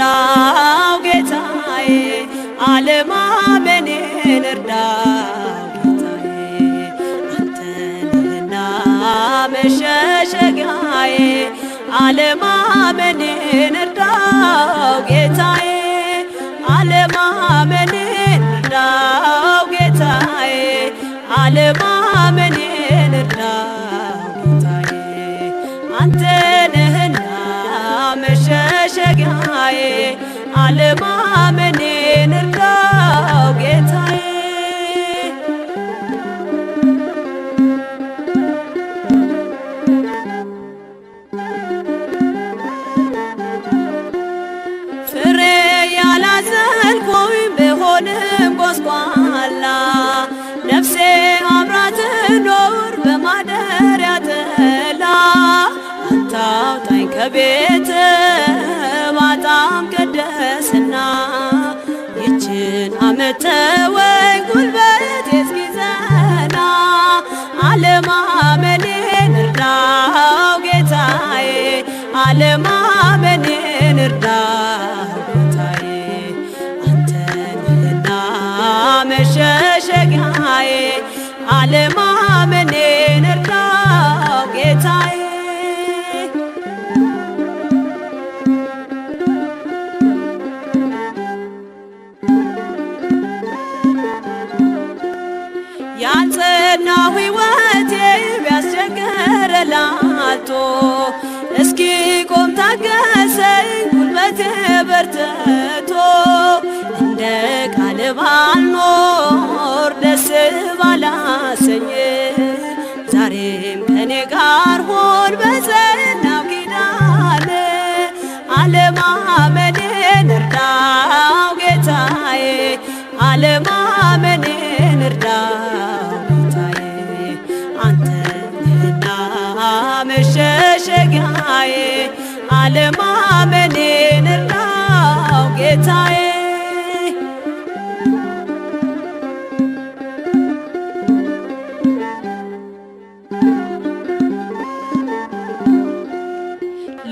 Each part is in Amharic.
እርዳው ጌታዬ፣ አለማመኔን እርዳው ጌታዬ፣ አንተ ነህና መሸሸጊያዬ፣ አለማመኔን እርዳው ጌታዬ፣ አለማመኔን እርዳው ጌታዬ፣ አለማመኔን እርዳው ጌታዬ አንተ መሸሸጊያዬ አለማመኔን እርዳው ጌታዬ አለማመኔን እርዳው ጌታዬ አለማመኔን እርዳው ጌታዬ ጌታዬ አለማመኔን እርዳው ጌታዬ ፍሬ ያላዘልኮዊ ብሆንም ጎስቋላ ነፍሴ አብራት ኖር በማደሪያ ተላ አታውጣኝ ከቤት የተወኝ ጉልበት የስኪዘና አለማመኔን እርዳው ጌታዬ፣ አለማመኔን እርዳው ጌታዬ፣ መሸሸጊያዬ አለማመኔን እርዳው ጌታዬ ቀናው ሕይወቴ ቢያስቸግር ላቶ እስኪ ቆም ታገሰኝ ጉልበቴ በርትቶ እንደ ቃል ባልኖር ደስ ባላሰኝ ዛሬም ከኔ ጋር ሆን በጸናው ኪዳን አለማመኔን እርዳው ጌታዬ አለማመኔን እርዳው አለማመኔን እራው ጌታዬ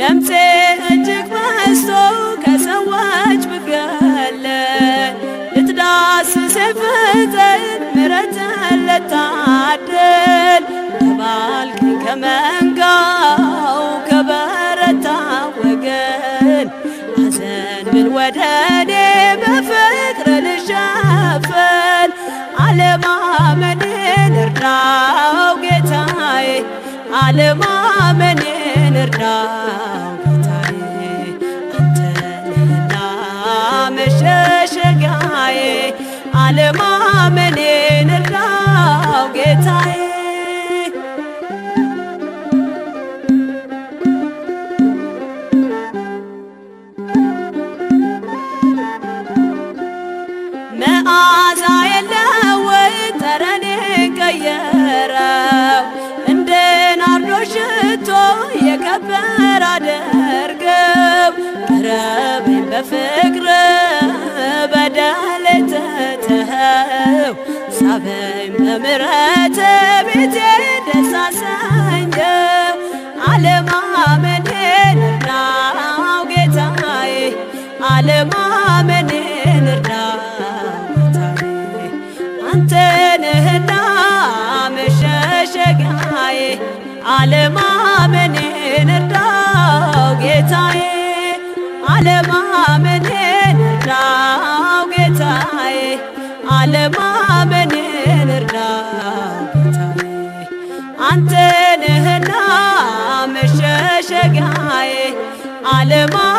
ለምፄ እጅግ በዝቶ ከሰዎች ብቅለ ልትዳስሰኝ ፍጥን ልታድል ከመንጋው ከበ ዓለምን ወደ እኔ በፍቅር ልሸፍን አለማመኔን እርዳው ጌታዬ፣ አለማመኔን እርዳው ጌታዬ፣ አንተ ነህና መሸሸጊያዬ አለማ መዓዛ የለው ጠረን ቀየረው እንደ ናርዶ ሽቶ የከበር አደርገው ቅረበኝ በፍቅር በደል ተተኸው ሳበኝ በምረት ቤቴ ጌታዬ አለማ አለማመኔን እርዳው ጌታዬ አለማመኔን እርዳው ጌታዬ አለማመኔን እርዳው ጌታዬ አንተ ነህና መሸሸጊያዬ አለማ